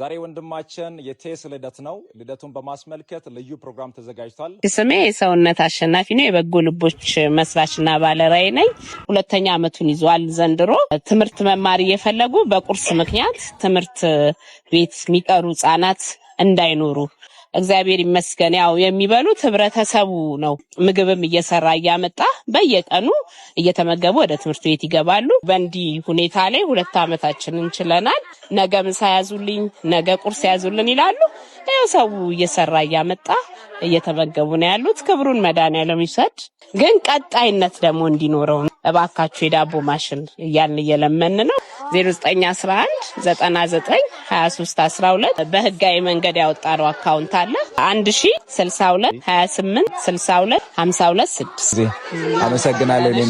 ዛሬ ወንድማችን የቴስ ልደት ነው። ልደቱን በማስመልከት ልዩ ፕሮግራም ተዘጋጅቷል። ስሜ የሰውነት አሸናፊ ነው። የበጎ ልቦች መስራችና ባለራይ ነኝ። ሁለተኛ ዓመቱን ይዟል ዘንድሮ። ትምህርት መማር እየፈለጉ በቁርስ ምክንያት ትምህርት ቤት የሚቀሩ ህጻናት እንዳይኖሩ እግዚአብሔር ይመስገን። ያው የሚበሉት ህብረተሰቡ ነው። ምግብም እየሰራ እያመጣ በየቀኑ እየተመገቡ ወደ ትምህርት ቤት ይገባሉ። በእንዲህ ሁኔታ ላይ ሁለት ዓመታችን እንችለናል። ነገ ምሳ ያዙልኝ፣ ነገ ቁርስ ያዙልን ይላሉ። ያው ሰው እየሰራ እያመጣ እየተመገቡ ነው ያሉት። ክብሩን መድኃኒዓለም ይውሰድ። ግን ቀጣይነት ደግሞ እንዲኖረው እባካችሁ የዳቦ ማሽን እያልን እየለመን ነው። 0911 99 23 12 በህጋዊ መንገድ ያወጣነው አካውንት አለ 1062 28 62 52 6 አመሰግናለሁ።